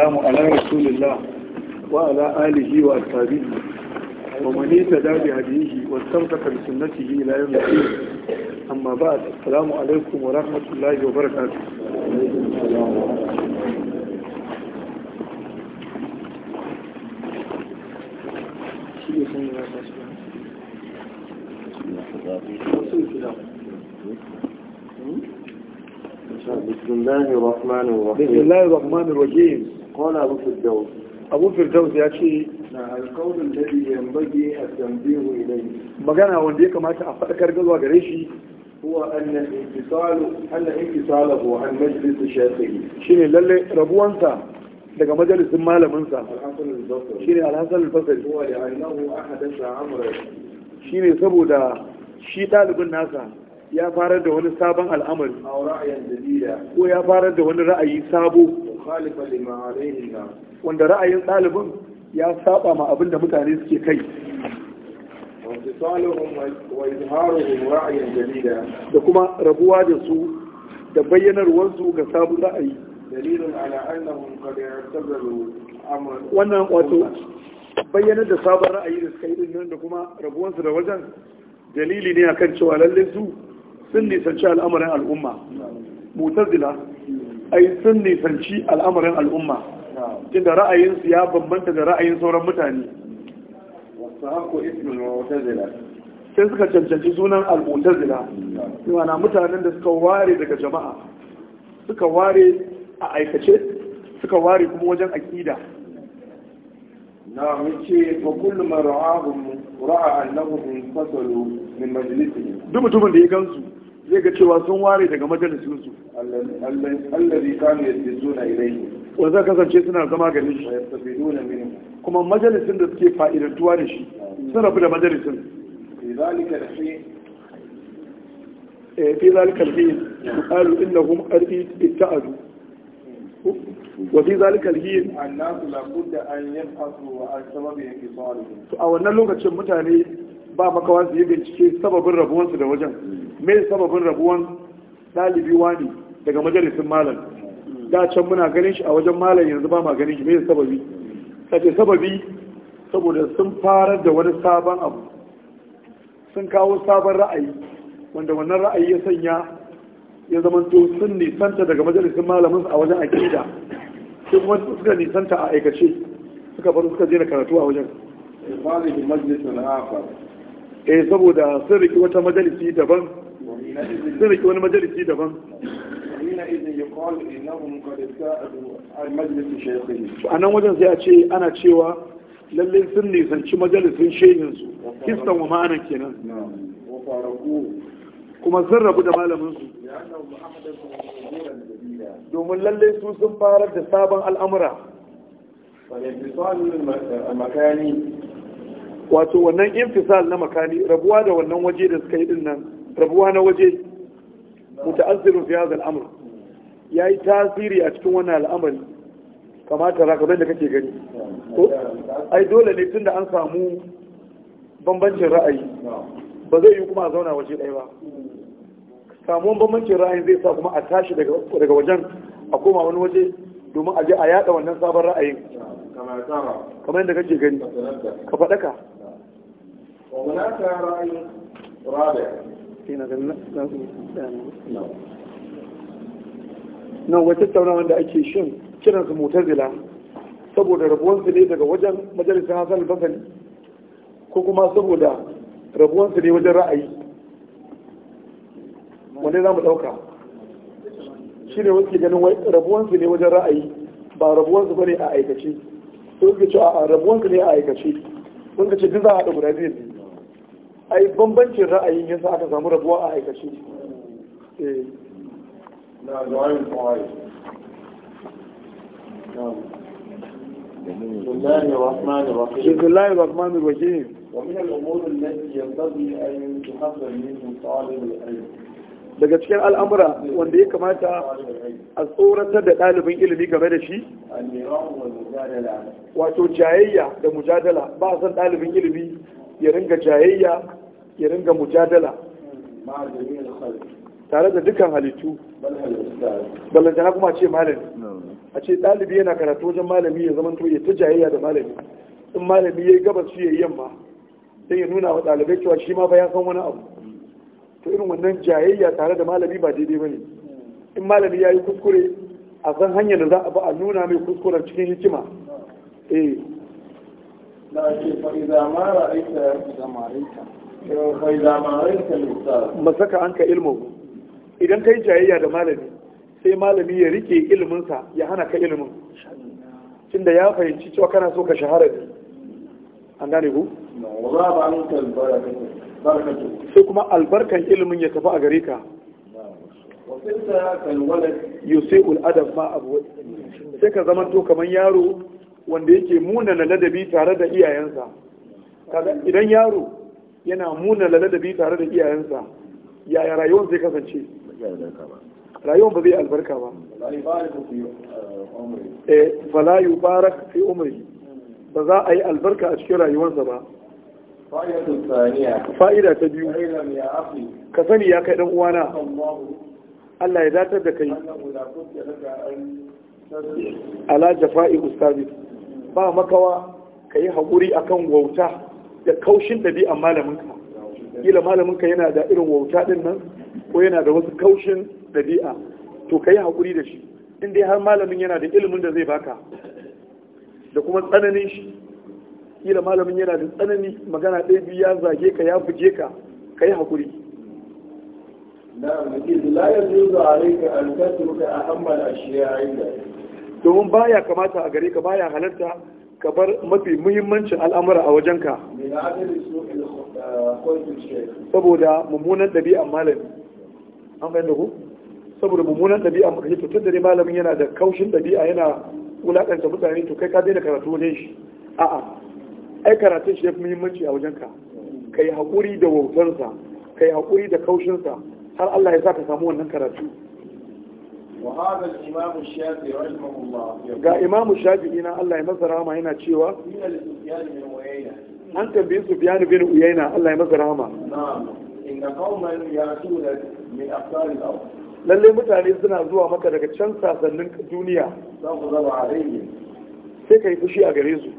السلام على رسول الله وعلى آله وأصحابه ومن اهتدى بهديه واستمسك بسنته إلى يوم الدين أما بعد السلام عليكم ورحمة الله وبركاته بسم الله الرحمن الرحيم بسم الله الرحمن الرحيم abu firdaus ya ce na alƙawarin da yan bage a tambihu ilai magana wanda ya kamata a faɗakar gazuwa gare shi huwa annan intisalu annan intisalahu an majlis shafi'i shine lalle rabuwansa daga majalisin malaminsa shine alhassan al-basri huwa da annahu ahadatha amra shine saboda shi ɗalibin nasa ya fara da wani sabon al'amari ko ya farar da wani ra'ayi sabo mukhalifa lima alayhi nas wanda ra'ayin ɗalibin ya saba ma abinda mutane suke kai da kuma rabuwa da su da bayyanarwarsu ga sabon ra'ayi wannan wato bayyanar da sabon ra'ayi da suka yi din nan da kuma rabuwansu da wajen dalili ne akan cewa lallai su sun nisanci al'amarin al'umma mutazila ai sun nisanci al'amarin al'umma tunda ra'ayinsu ya bambanta da ra'ayin sauran mutane sai suka cancanci sunan al'utazila yana mutanen da suka ware daga jama'a suka ware a aikace suka ware kuma wajen aƙida na wuce ba kullum ra'ahun ra'a in fasalu min majalisihim duk mutumin da ya gansu zai ga cewa sun ware daga majalisun su allazi kanu ilayhi wa za kasance suna zama ganin shi kuma majalisun da suke fa'idantuwa da shi sun rabu da majalisun lidhalika alhin eh, fi zalika alhin qalu innahum arfi itta'adu وفي ذلك الهين الناس لابد ان يبحثوا ba makawa su yi bincike sababin rabuwansu da wajen me sababin rabuwan ɗalibi wani daga majalisun malam da can muna ganin shi a wajen malam yanzu ba ma ganin shi me sababi kace sababi saboda sun fara da wani sabon abu sun kawo sabon ra'ayi wanda wannan ra'ayi ya sanya ya to sun nisanta daga majalisun malamin a wajen akida sun wani suka nisanta a aikace suka faru suka je da karatu a wajen. Ibadu majalisun akhar eh saboda sun riki wata majalisi daban sun riki wani majalisi daban a nan wajen sai a ce ana cewa lallai sun nisanci majalisin shehinsu kistan wa ma'anan kenan kuma sun rabu da malaminsu domin lallai su sun fara da sabon al'amura wato wannan infisal na makani rabuwa da wannan waje da suka yi din nan rabuwa na waje muta'azzirun fi hadha al-amr yayi tasiri a cikin wannan al'amari kamata raka da kake gani to ai dole ne tunda an samu bambancin ra'ayi ba zai yi kuma a zauna waje ɗaya ba samuwan bambancin ra'ayi zai sa kuma a tashi daga wajen a koma wani waje domin a je a yada wannan sabon ra'ayin kamar yadda kake gani ka faɗaka وهناك رأي رابع في نظر nan wata tattauna wanda ake shin kiran su mutazila saboda rabuwansu ne daga wajen majalisar hasan basali ko kuma saboda rabuwansu ne wajen ra'ayi wanda za mu ɗauka shi ne wasu ganin rabuwansu ne wajen ra'ayi ba rabuwansu ba ne a aikace sun ce a rabuwansu ne a aikace sun ce duk za a haɗa guda biyu ai bambancin ra'ayin yasa aka samu rabuwa a aikace eh. daga cikin al'amura wanda ya kamata a tsoratar da ɗalibin ilimi game da shi wato jayayya da mujadala ba a san ɗalibin ilimi ya ringa jayayya ya ringa mujadala tare da dukkan halittu na kuma ce malami a ce ɗalibi yana karatu wajen malami ya zama ya ta jayayya da malami in malami ya yi gabas su ya yamma sai ya nuna wa ɗalibai cewa shi ma ba ya san wani abu to irin wannan jayayya tare da malami ba daidai ba ne in malami ya yi kuskure a san hanyar da za a ba a nuna mai kuskuren cikin hikima eh na ce fa idan ma ra'aita idan ma ra'aita Masaka an ka ilmu idan ka yi jayayya da malami sai malami ya rike ilminsa, ya hana ka ilimin tunda ya fahimci cewa kana so ka shahara ne an gane ku sai kuma albarkan ilimin ya tafi a gare ka yusi'ul ma abu sai ka zama to kamar yaro wanda yake munana ladabi tare da iyayensa idan yaro yana muna ladabi tare da iyayensa yaya rayuwar zai kasance rayuwar ba zai albarka ba eh Falayu, Barak, fi umri ba za a yi albarka a cikin rayuwarsa ba fa'ida ta biyu ka sani ya kai dan uwana Allah ya datar da kai ala jafa'i ustadi ba makawa ka yi haƙuri akan wauta da kaushin ɗabi'an malaminka ƙila malaminka yana da irin wauta ɗin nan ko yana da wasu kaushin ɗabi'a to ka yi haƙuri da shi in dai har malamin yana da ilimin da zai baka da kuma tsananin shi ƙila malamin yana da tsanani magana ɗaya biyu ya zage ka ya buge ka ka yi haƙuri domin baya kamata a gare ka baya halarta ka bar mafi muhimmancin al'amura a wajenka saboda mummunan ɗabi'an malami an fahimta ku saboda mummunan ɗabi'an malami to tun da ne malamin yana da kaushin ɗabi'a yana wulaƙanta mutane to kai ka daina karatu ne shi a'a ai karatun shi ya fi muhimmanci a wajenka ka yi haƙuri da wautarsa ka yi haƙuri da kaushinsa har Allah ya sa ka samu wannan karatu وهذا الإمام الشافعي رحمه الله ga imamu shafi'i na Allah ya masa rahama yana cewa min al-sufyan an tambayi su biyanu bin uyaina Allah ya masa rahama lalle mutane suna zuwa maka daga can sasannin duniya sai ka yi fushi a gare su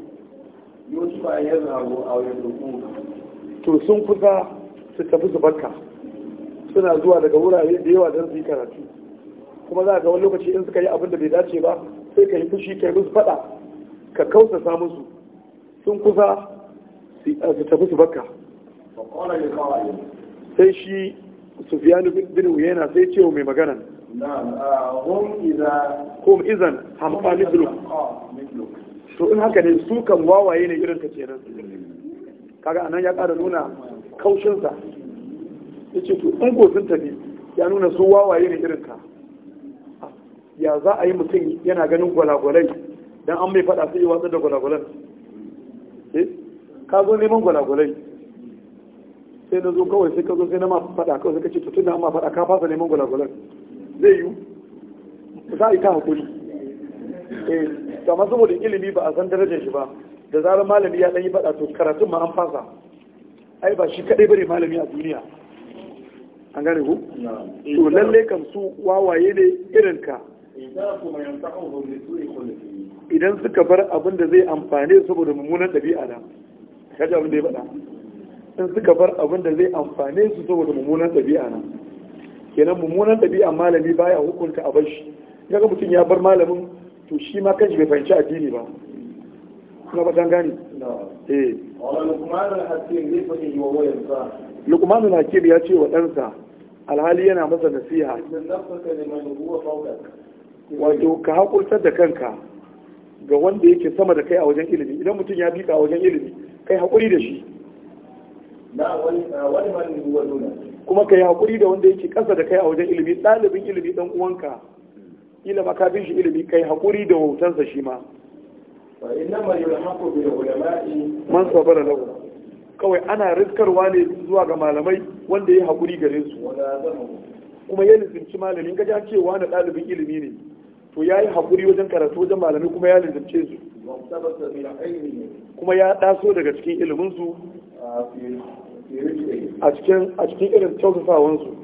to sun kusa su tafi su barka suna zuwa daga wurare da yawa don su yi karatu kuma za a ga wani lokaci in suka yi abin da bai dace ba sai ka yi fushi ka yi musu faɗa ka kausa samun su sun kusa su tafi su bakka sai shi sufiyanu bin uyena sai ce mai magana kom izan hamfa misluk to in haka ne su kan wawaye ne irin ka kenan kaga anan ya ƙara nuna kaushinsa ya ce to in ko sun tafi ya nuna su wawaye ne irin ka ya za a yi mutum yana ganin gwalagwalai don an mai faɗa sai yi watsar da gwalagwalan eh? ka zo neman gwalagwalai sai na zo kawai sai ka zo sai na ma faɗa kawai sai ka ce to tun da ma faɗa ka fasa neman gwalagwalai zai yiwu za a yi ta hakuri eh amma saboda ilimi ba a san darajar shi ba da zarar malami ya ɗan yi faɗa to karatun ma an fasa ai ba shi kaɗai bane malami a duniya an gane ku to lalle kam su wawaye ne irin ka idan suka bar abin da zai amfane saboda mummunan ɗabi'a da kaji abin da ya faɗa in suka bar abin da zai amfane su saboda mummunan ɗabi'a na kenan mummunan ɗabi'a malami baya hukunta a bar shi kaga mutum ya bar malamin to shi ma kanshi bai fahimci addini ba kuma ba gane eh lukmanul hakim ya ce wa ɗansa alhali yana masa nasiha wato ka hakurtar da kanka ga wanda yake sama da kai a wajen ilimi idan mutum ya bika a wajen ilimi kai haƙuri da shi kuma kai haƙuri da wanda yake ƙasa da kai a wajen ilimi ɗalibin ilimi ɗan uwanka ila ma kafin shi ilimi kai haƙuri da wautansa shi ma man sabara lahu kawai ana riskarwa ne zuwa ga malamai wanda ya haƙuri gare su kuma ya lizinci malamin ga cewa na ɗalibin ilimi ne to ya yi haƙuri wajen karatu wajen malamai kuma ya lizince su kuma ya ɗaso daga cikin iliminsu a cikin irin tausasawansu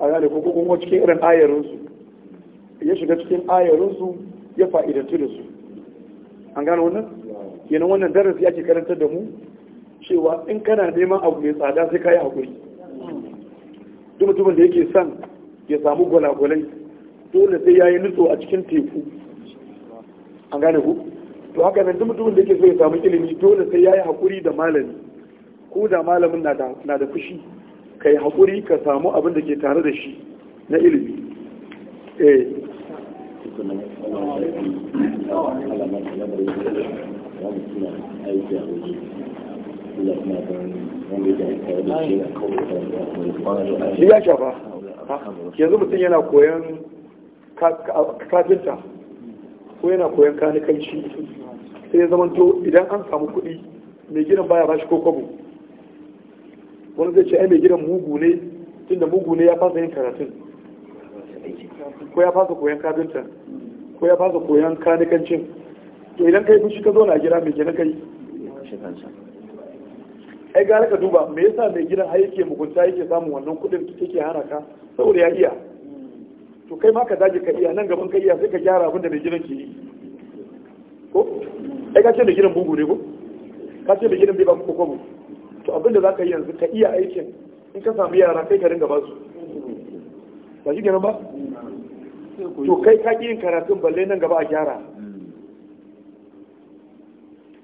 a da ko kuma cikin irin ayarinsu ya shiga cikin ayarinsu ya fa'idantu da su an gane wannan kenan wannan darasi ake karantar da mu cewa in kana neman abu mai tsada sai kayi hakuri duk mutumin da yake son ya samu gwalagwalai dole sai ya yi nutso a cikin teku an gane ku to haka nan duk mutumin da yake so ya samu ilimi dole sai yayi hakuri da malami ko da malamin na da na da fushi kai hakuri ka samu abin da ke tare da shi na ilimi eh ya shafa yanzu mutum yana koyon kafinta ko yana koyon kanikanci sai ya zamanto idan an samu kuɗi mai gidan baya bashi ko kwabo wani zai ce ai mai gidan mugu ne tunda mugu ne ya fasa yin karatun ko ya fasa koyan kabinta ko ya fasa koyan kanikancin to idan kai fushi ka zo na gida mai gidan kai ai gara ka duba me yasa mai gidan har yake mugunta yake samun wannan kuɗin yake hana ka saboda ya iya to kai ma ka dage ka iya nan gaban ka iya sai ka gyara abin da mai gidan ke yi ko ai ka ce da gidan bugu ne ko ka ce da gidan bai ba ko kwabo to abinda zaka ka yi yanzu ka iya aikin in ka samu yara kai ka ringa ba su ba shi gina ba to kai ka yin karatun balle nan gaba a gyara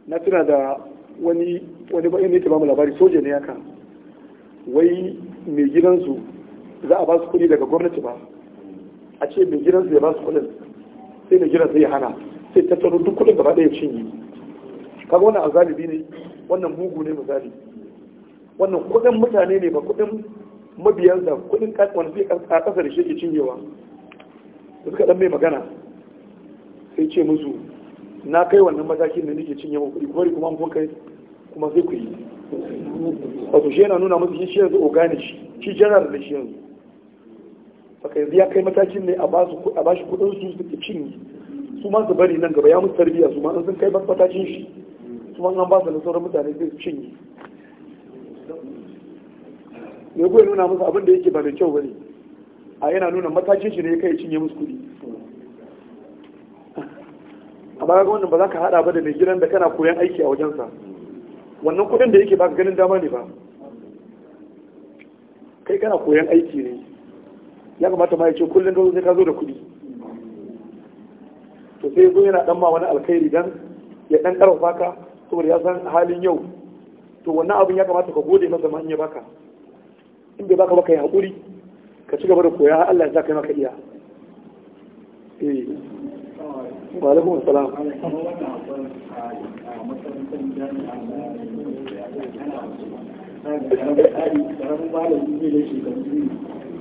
na tuna da wani wani ba ne ta bamu labari soja ne yaka wai mai gidansu za a ba su kuɗi daga gwamnati ba a ce mai gidansu ya ba su kuɗin sai mai gidansu ya hana sai tattaro duk kudin gaba ɗaya cinye kaga wannan azalibi ne wannan mugu ne misali wannan kudin mutane ne ba kudin mabiyar da kudin wani zai ƙasa da shi ke cinyewa da suka dan mai magana sai ce musu na kai wannan matakin da nake cinye muku kuɗi kuma kuma kai kuma sai ku yi wato shi yana nuna musu shi yanzu organic shi general da shi yanzu saka yanzu ya kai matakin ne a ba shi kudin su suke cinye su ma su bari nan gaba ya musu tarbiyya su ma sun kai matakin shi su ma an ba su da sauran mutane zai cinye ne kuwa nuna musu abin da yake ba da kyau bane a yana nuna matakin shi ne ya kai cinye musu kuɗi a baya ga wannan ba za ka haɗa ba da mai gidan da kana koyan aiki a wajensa wannan kuɗin da yake ba ka ganin dama ne ba kai kana koyan aiki ne ya kamata ma ya ce kullum da sai ka zo da kuɗi sai zo yana dan ma wani alkhairi dan ya dan karfafa ka saboda ya san halin yau to wannan abin ya kamata ka gode masa ma in ya baka in bai baka ba ka yi hakuri ka ci gaba da koya Allah ya sa maka iya eh wa alaikum assalam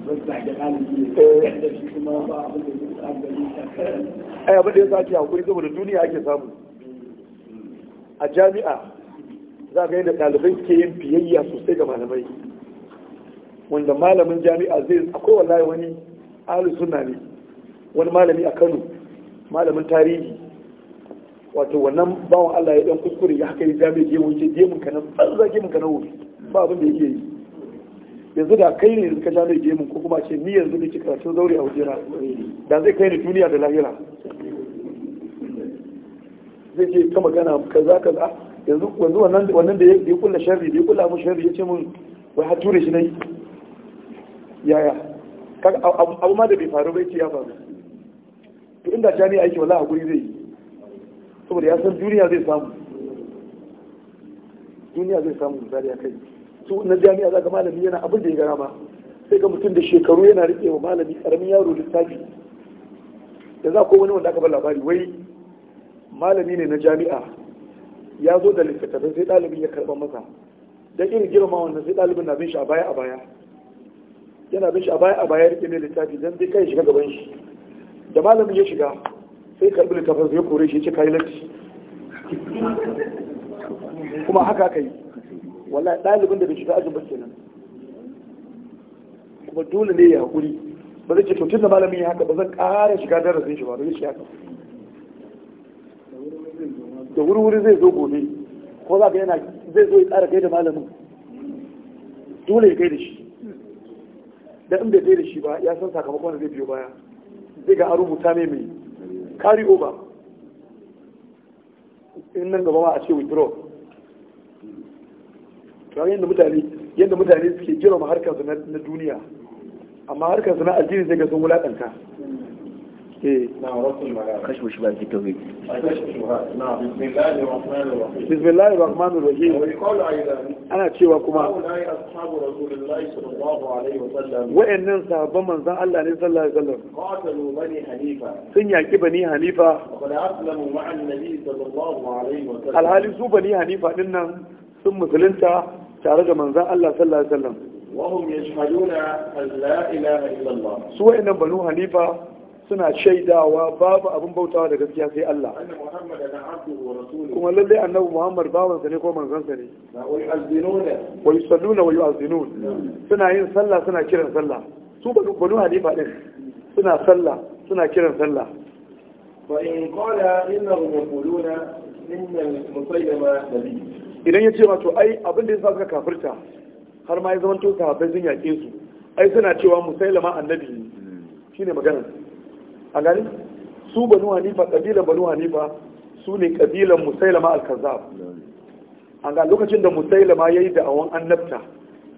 da shi kuma ba abin da ai abin da ya sake ake hakuri saboda duniya ake samu a jami'a za ga yadda ɗalibai suke yin fiyayya sosai ga malamai wanda malamin jami'a zai akwai wallahi wani ahlus sunna ne wani malami a Kano malamin tarihi wato wannan bawan Allah ya dan kuskure ya haka yi jami'a je wuce je mun kana banza je mun kana wuri ba abin da yake yi yanzu da kai ne yanzu ka ja mai gemun ko kuma ce ni yanzu da ke karatun zaure a wajena da zai kai ni duniya da lahira zai ce ta magana kaza kaza yanzu yanzu wannan wannan da ya kulla sharri da ya kula mu sharri ya ce mun wai har ture shi nai yaya abu ma da bai faru bai ce ya faru to inda ja jani aiki wallahi guri zai yi saboda ya san duniya zai samu duniya zai samu misali a kai su na jami'a za ka malami yana abin da ya gara ma sai ga mutum da shekaru yana riƙe wa malami ƙaramin yaro littafi da za ko wani wanda aka bar labari wai malami ne na jami'a ya zo da littattafai sai ɗalibin ya karɓar masa don irin girma wannan sai ɗalibin na bin shi a baya a baya yana bin shi a baya a baya riƙe ne littafi don zai kai shiga gaban shi da malamin ya shiga sai karɓi littafin sai ya kore shi ya ce kayi latti kuma haka kai yi Wal'a ɗalibin da bai shiga ajin ba kenan kuma dole ne ya haƙuri ba zai ce to tun da malamin ya haka ba zan ƙara shiga darasin shi ba zai shi haka da wuri-wuri zai zo gobe ko za ka yana zai zo ya ƙara kai da malamin dole ya kai da shi da in bai kai da shi ba ya san sakamakon da zai biyo baya zai ga an rubuta mai mai kari over in nan gaba ma a ce withdraw kamar yadda mutane yadda mutane suke na duniya amma harkar na addini sai ga sun wulaƙanta eh. bismillahi rahman rahim ana cewa kuma wa'yan sabon manzan Allah ne sallallahu alaihi wasallam sun yaki bani hanifa alhali su bani hanifa dinnan sun musulunta tare da manzan Allah sallallahu alaihi wasallam wahum yashhaduna an la illallah su wa'annan banu hanifa suna shaidawa babu abin bautawa da gaskiya sai Allah kuma lallai annabi Muhammad bawan sa ne ko manzon sa ne wa yusalluna wa yu'azinun suna yin sallah suna kiran sallah su banu banu hanifa din suna sallah suna kiran sallah fa in qala innahum yaquluna innal musayyama nabiy idan ya ce wato ai abin da ya sa suka kafirta har ma ya zama to sahabbai sun yake su ai suna cewa musailama annabi ne shine maganar a gani su banu hanifa kabilan banu hanifa su ne kabilan musailama al-kazzab a ga lokacin da musailama ya yi awan annabta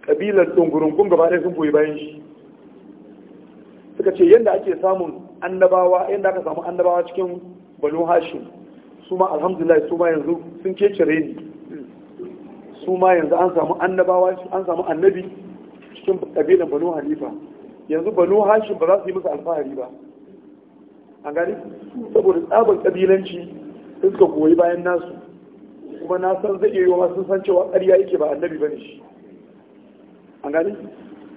kabilan kun gaba ɗaya sun koyi bayan shi suka ce yadda ake samun annabawa yadda aka samu annabawa cikin banu hashim su ma alhamdulillah su ma yanzu sun cire ni su ma yanzu an samu annabawa an samu annabi cikin kabilan banu Halifa. yanzu banu Hashi ba za su yi musu alfahari ba an gani saboda tsabar kabilanci sun suka koyi bayan nasu kuma na san zai iya yiwa sun san cewa ƙarya yake ba annabi ba ne shi an gani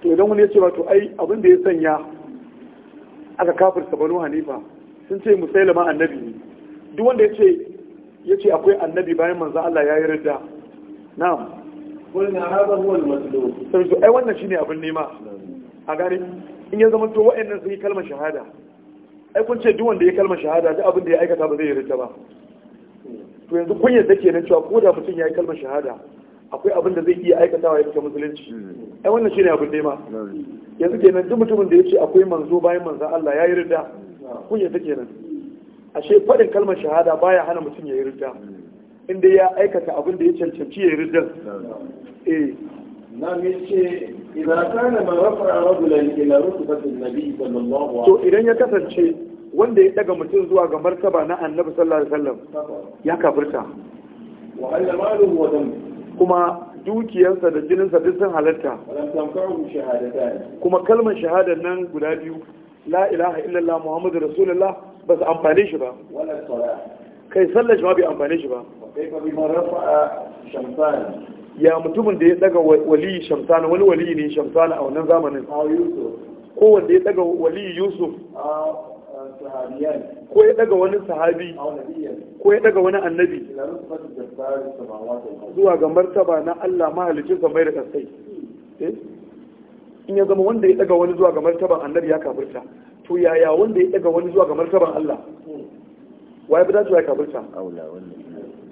to idan wani ya ce to ai abin da ya sanya aka kafirta banu hanifa sun ce musailama annabi ne duk wanda ya ce ya ce akwai annabi bayan manzo Allah ya yi radda na'am kullum hada haɗa al-matlub sai ai wannan shine abin nema a gare in ya zama to wa'annan sun yi kalmar shahada ai kun ce duk wanda ya kalmar shahada duk abin da ya aikata ba zai yi rita ba to yanzu kun yadda ke nan cewa ko da mutum ya yi kalmar shahada akwai abin da zai iya aikatawa ya fita musulunci ai wannan shine abin nema yanzu kenan duk mutumin da ya ce akwai manzo bayan manzo Allah ya yi ridda kun yadda ke nan. ashe faɗin kalmar shahada baya hana mutum ya yi ridda inda ya aikata abin da ya cancanci ya yi rijal eh na ce idan kana man rafa rajulan ila rutbatin nabi sallallahu to idan ya kasance wanda ya daga mutum zuwa ga martaba na annabi sallallahu alaihi wasallam ya kafirta wa alla maluhu kuma dukiyarsa da jininsa duk sun halatta kuma kalmar shahadar nan guda biyu la ilaha illallah muhammadu rasulullah ba su amfane shi ba kai sallar shi ma bai amfani shi ba ya mutumin da ya daga wali shamsana wani wali ne shamsana a wannan zamanin ko wanda ya daga wali yusuf ko ya daga wani sahabi ko ya daga wani annabi zuwa ga martaba na Allah mahalicin samai da kasai eh? in ya zama wanda ya daga wani zuwa ga martaban annabi ya kafirta to yaya wanda ya daga wani zuwa ga martaban Allah hmm. waye bidatu su ya kafirta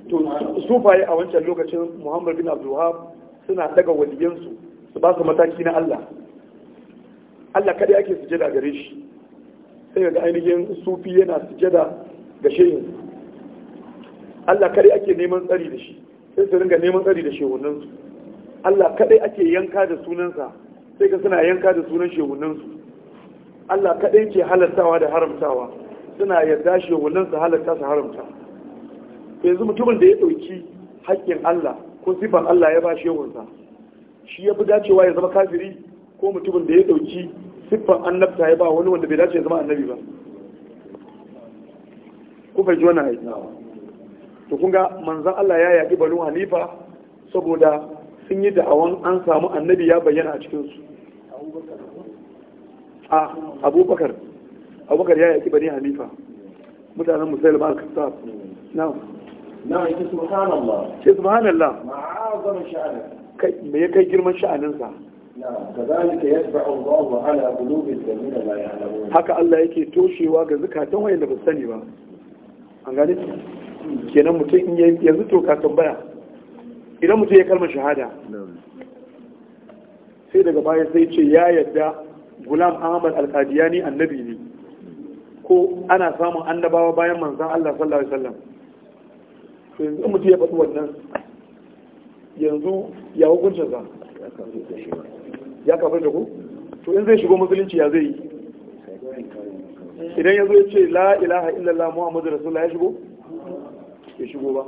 to faye a wancan lokacin muhammad bin abdulhab suna daga waliyansu su ba su mataki na allah allah kada ake sujada gare shi sai ga ainihin sufi yana sujada ga shehin allah kada yake neman tsari da shi sai su ringa neman tsari da shehunansu allah kada ake yanka da sunansa sai ga suna yanka da sunan shehunansu allah kada ke halartawa da haramtawa suna yarda shi wannan su halatta su haramta yanzu mutumin da ya ɗauki haƙƙin Allah ko sifan Allah ya ba shehunsa shi ya fi dacewa ya zama kafiri ko mutumin da ya ɗauki siffan annabta ya ba wani wanda bai dace ya zama annabi ba ku fahimci wannan aiki to kun ga manzan Allah ya yaƙi banu halifa saboda sun yi da'awan an samu annabi ya bayyana a cikinsu a abubakar abubakar ya yaki bani Halifa. mutanen musulma al-kasab na'am na ita subhanallah ce subhanallah ma'azam sha'anin kai me ya kai girman sha'anin sa kazalika yasba'u Allahu ala qulubi alladhina la ya'lamun haka Allah yake toshewa ga zakatan wayanda ba sani ba an gane kenan mutum in yanzu to ka tambaya idan mutum ya kalmar shahada sai daga baya sai ce ya yadda gulam ahmad alkadiyani annabi ne ko ana samun annabawa bayan manzan Allah sallallahu alaihi wasallam yanzu mutu ya faɗi wannan yanzu ya hukuncin sa ya kafar da ku to in zai shigo musulunci ya zai yi idan ya zo ya ce la ilaha illallah muhammadu rasulullah ya shigo ya shigo ba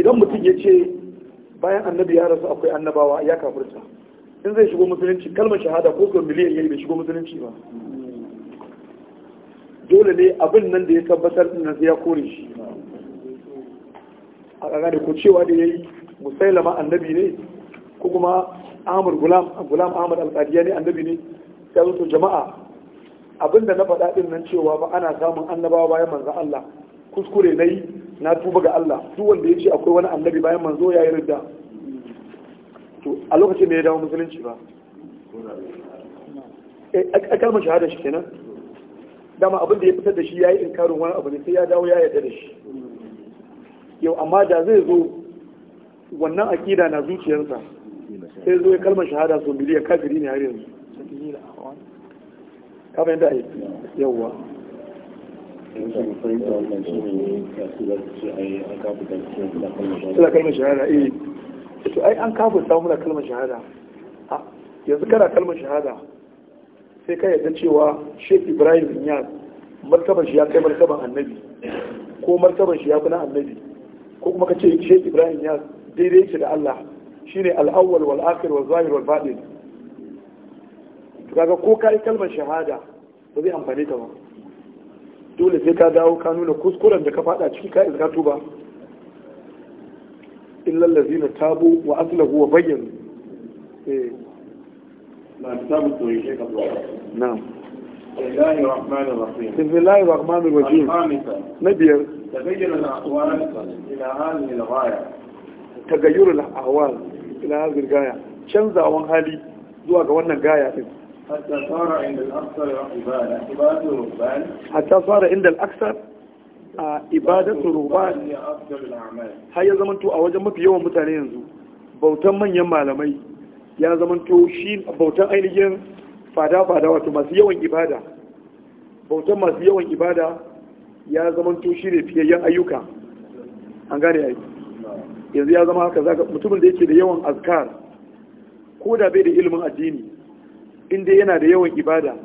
idan mutum ya ce bayan annabi ya rasu akwai annabawa ya kafirta in zai shigo musulunci kalmar shahada ko kuma miliyan yayi bai shigo musulunci ba dole ne abin nan da ya tabbatar din ya kore shi a kaga da ku cewa da ya yi musailama annabi ne ko kuma amur Gulam amur Ahmad Al-Qadiyani annabi ne ya zo jama'a abin da na faɗa ɗin nan cewa ba ana samun annabawa bayan manzon Allah kuskure na yi na tuba ga Allah duk wanda ya ce akwai wani annabi bayan manzo ya yi ridda to a lokacin da ya dawo musulunci ba eh, a kalmar shahada shi kenan dama abin da ya fitar da shi ya yi inkarin wani abu ne sai ya dawo ya yarda da shi yau amma da zai zo wannan akida na zuciyarsa sai zo ya kalmar shahada sau miliyan kafiri ne har yanzu kama yadda ai yawwa sila kalmar shahada eh to ai an kafa samu da kalmar shahada yanzu kana kalmar shahada sai ka yarda cewa Sheikh Ibrahim bin Yaz martaban shi ya kai martaban Annabi ko martaban shi ya fi na Annabi ko kuma ka ce Sheikh Ibrahim Yaz daidai yake da Allah shine ne awwal wal akhir wal zahir wal batin to kaga ko yi kalmar shahada ba zai amfani ta ba dole sai ka dawo ka nuna kuskuren da ka fada ciki ka izga tuba illa na tabu wa aslahu wa bayyana. Eh. كتاب التوحيد شيخ أبو نعم بسم الله الرحمن الرحيم بسم تغير الأحوال إلى هذه الغاية تغير الأحوال إلى هذه الغاية canza wan hali zuwa ga wannan gaya din hatta fara inda al-aksar ibada ibadatu rubban hatta fara inda al-aksar ibadatu rubban har ya zamanto a wajen mafi yawan mutane yanzu bautan manyan malamai ya zamanto shi bautan ainihin fada-fada wato masu yawan ibada bautan masu yawan ibada ya zamanto shi ne fiyayyen ayyuka an gane yi yanzu ya zama haka zaka mutumin da yake da yawan azkar ko da bai da ilimin addini inda yana da yawan ibada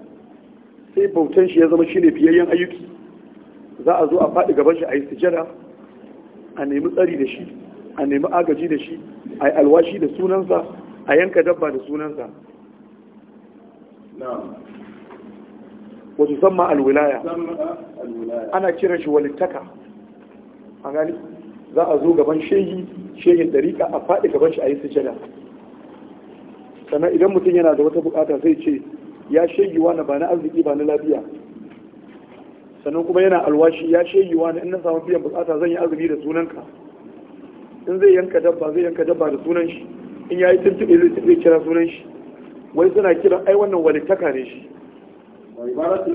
sai bautan shi ya zama shi ne fiyayyen ayyuki za a zo a faɗi gaban shi a yi sujada a nemi tsari da shi a nemi agaji da shi a yi alwashi da sunansa a yanka dabba da sunansa wasu sama alwilaya ana kiran shi walittaka a gani za a zo gaban shehi shehin dariƙa a faɗi gaban shi a yi su sujada sannan idan mutum yana da wata bukata zai ce ya shehi wani ba na arziki ba na lafiya sannan kuma yana alwashi ya shehi wani in na biyan bukata zan yi arziki da sunanka in zai yanka dabba zai yanka dabba da sunan shi in ya yi tuntuɓe zai tuntuɓe kira sunan shi wai suna kira ai wannan wani taka ne shi ah,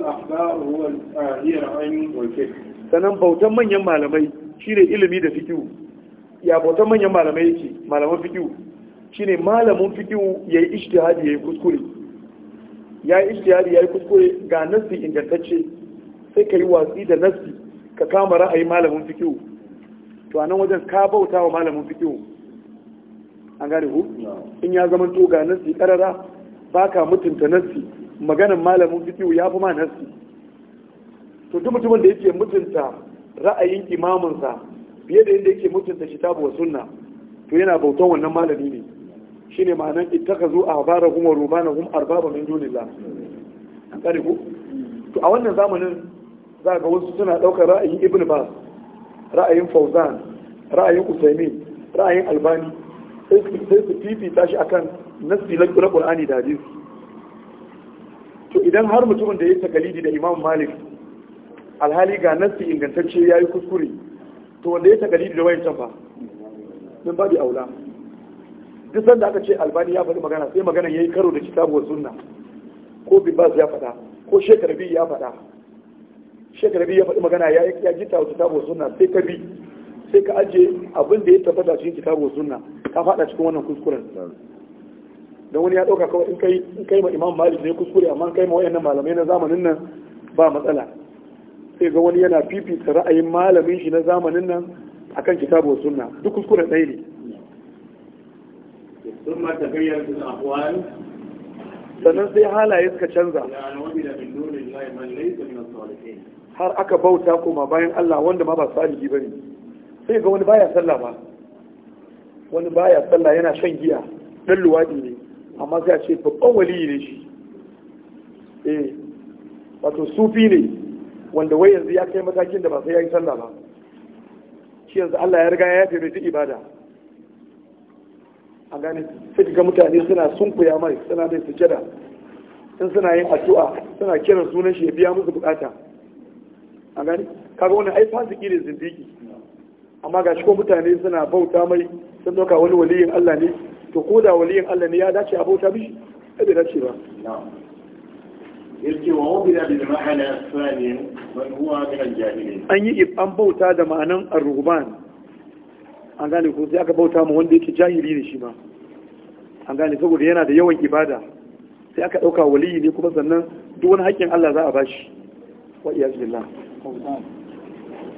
sannan bautan manyan malamai shine ilimi da fikiyu ya bautan manyan malamai yake malaman shi shine malamin ya fikihu yayi ya yi kuskure Ya yayi ya yi kuskure ga nassi ingantacce sai ka yi watsi da nassi ka kama ra'ayi malamin fikiyu to anan wajen ka bauta wa malamin fikiyu an gane ku in ya zama toga ga nasi karara baka mutunta nasi maganan malamin fikihu ya fi ma nasi to duk mutumin da yake mutunta ra'ayin imaminsa fiye da yadda yake mutunta kitabu wa sunna to yana bautan wannan malami ne shine a ittakazu kuma wa rubanahum arbaba min dunillah an gane ku to a wannan zamanin za ga wasu suna ɗaukar ra'ayin ibn bas ra'ayin fauzan ra'ayin usaimin ra'ayin albani sai su fifita shi akan nassi na ƙulani da hadis to idan har mutumin da ya takalidi da Imam Malik alhali ga nassi ingantacce yi kuskure to wanda ya takalidi da wayan canfa, min babu aula duk sanda aka ce albani ya faɗi magana sai magana ya yi karo da kitabu wa sunna ko bibas ya faɗa ko shekarabi ya faɗa shekarabi ya faɗi magana ya ya gita wa kitabu wa sunna sai ka bi sai ka aje abin da ya tabbata cikin kitabu sunna ka fada cikin wannan kuskuren Don wani ya dauka kawai in kai in kai ma imam malik ne kuskure amma kai ma wayannan malamai na zamanin nan ba matsala sai ga wani yana fifita ra'ayin malamin shi na zamanin nan akan kitabu sunna duk kuskure ɗaya ne sannan sai halaye suka canza har aka bauta koma bayan Allah wanda ma ba saliki bane sai ga wani baya sallah ba wani baya sallah yana shan giya dan luwadi ne amma sai a ce babban waliyi ne shi eh wato sufi ne wanda wai yanzu ya kai matakin da ba sai ya yi sallah ba shi yanzu Allah ya riga ya yafe mai ibada a gane sai ga mutane suna sunkuya mai suna mai sujada in suna yin addu'a suna kiran sunan shi ya biya musu bukata a gane kaga wannan ai fasiki ne zindiki amma ga shi ko mutane suna bauta mai sun doka wani waliyin Allah ne to ko da waliyin Allah ne ya dace a bauta mishi bai dace ba yake wa ma'ana huwa jahilin an yi an bauta da ma'anan ar-ruhban an gane ko sai aka bauta mu wanda yake jahili ne shi ma an gane saboda yana da yawan ibada sai aka dauka waliyi ne kuma sannan duk wani haƙƙin Allah za a bashi wa iyaz billah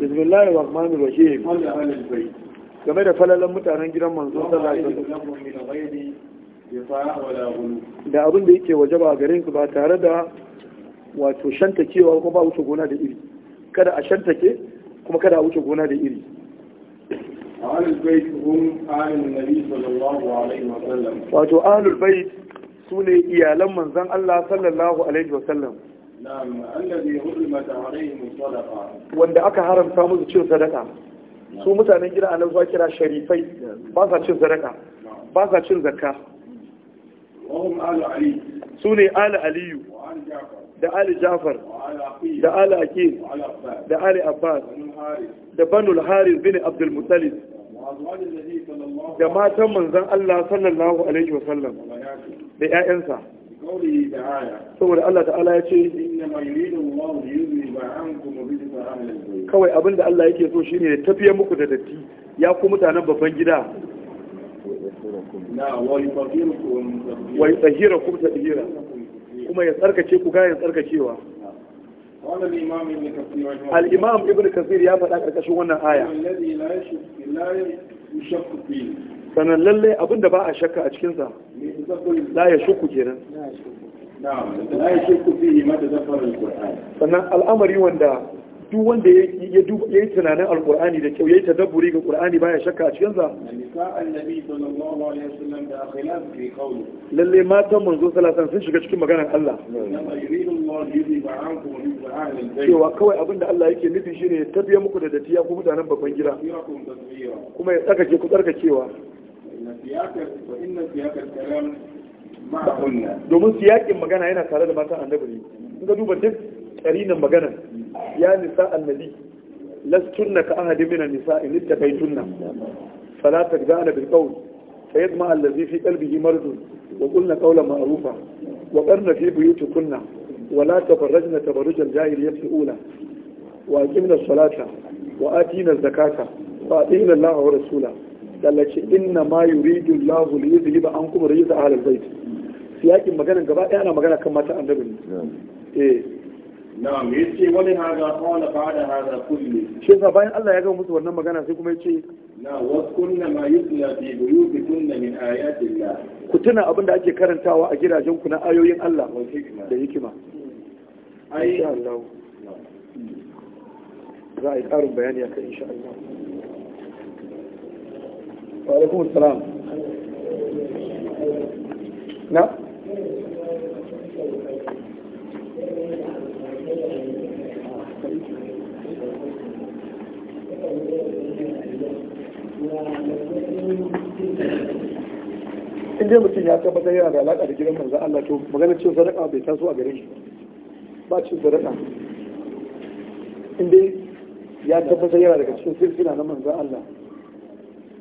bismillahir rahmanir rahim game da falalan mutanen gidan manzo sallallahu alaihi wasallam da abin da yake waje ba garin su ba tare da wato shantakewa ko ba wuce gona da iri kada a shantake kuma kada a wuce gona da iri ahlul bait hum ahlun nabi sallallahu alaihi wasallam wato ahlul bait sune iyalan manzon Allah sallallahu alaihi wa sallam. wanda aka haramta musu cin sadaka su mutanen gida a nan zuwa kira sharifai ba sa cin sadaka ba sa cin zakka su ne ala aliyu da ali jafar da ali ake da ali abbas da banul haris bin abdul mutalib da matan manzan allah sallallahu alaihi wasallam da 'ya'yansa saboda Allah ta'ala ya ce kawai abinda Allah yake so shine ya tafiye muku da datti ya ku mutanen babban gida wa tsahira ku tsahira kuma ya tsarkace ku gayan tsarkacewa al-imam ibn kasir ya faɗa ƙarƙashin wannan aya sannan lalle abin da ba a shakka a cikinsa la ya shuku kenan sannan al'amari wanda duk wanda ya yi tunanin alkur'ani da kyau ya yi tadabburi ga kur'ani baya shakka a cikinsa lalle matan manzo salatan sun shiga cikin maganar Allah cewa kawai abin da Allah yake nufi shine ya tafiya muku da datiya ku mutanen babban gida kuma ya tsarkake ku tsarkakewa domin siyakin magana yana tare da matan annabi ne in ga duba duk tsarinan magana ya nisa annabi lastunna ka ahadi min an-nisa in ittaqaytunna fala tajza'na bil qawl fa yadma allazi fi qalbihi marad wa qulna qawlan ma'rufa wa qarna fi buyutikunna wa la tafarrajna tabarruj al-jahiliyyah al-ula wa aqimna salata wa atina zakata wa atina Allah wa dallaci inna ma yuridu Allahu li an ankum rijsa ahlal bait siyakin magana gaba ɗaya ana magana kan mata annabi eh na'am yace wani haza qala ba'da haza kulli shi yasa bayan Allah ya ga musu wannan magana sai kuma yace na kunna ma yutla bi buyutikunna min ayatillah ku tuna abinda ake karantawa a gidajen ku na ayoyin Allah da hikima ai Allah za a yi ƙarin bayani akan insha Allah وعليكم السلام نعم inda in dai mutum ya tabbatar yana da alaƙa da gidan manzan Allah to magana cin sadaka bai taso a gare shi ba cin sadaka in dai ya tabbatar yana daga cikin silsila na manzan Allah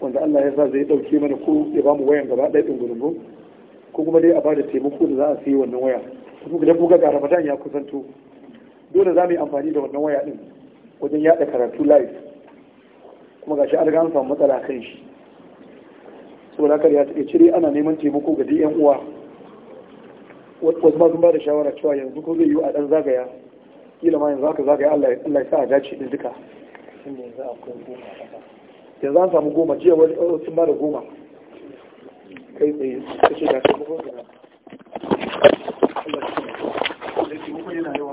wanda Allah ya sa zai dauke mana ko ya bamu wayan gaba ɗaya ɗin gurungun ko kuma dai a bada taimako da za a sayi wannan waya kuma idan buga ga Ramadan ya kusanto dole za mu yi amfani da wannan waya din wajen yaɗa karatu live kuma gashi an riga an samu matsala kan shi saboda haka ya take cire ana neman taimako ga ɗan uwa wasu ma sun ba da shawara cewa yanzu ko zai yi a ɗan zagaya kila ma yanzu aka zagaya Allah ya sa a dace din duka yanzu akwai goma a ƙasa yanzu an samu goma jiya wani oh, sun ba da goma kai tsaye kashe da shi mugun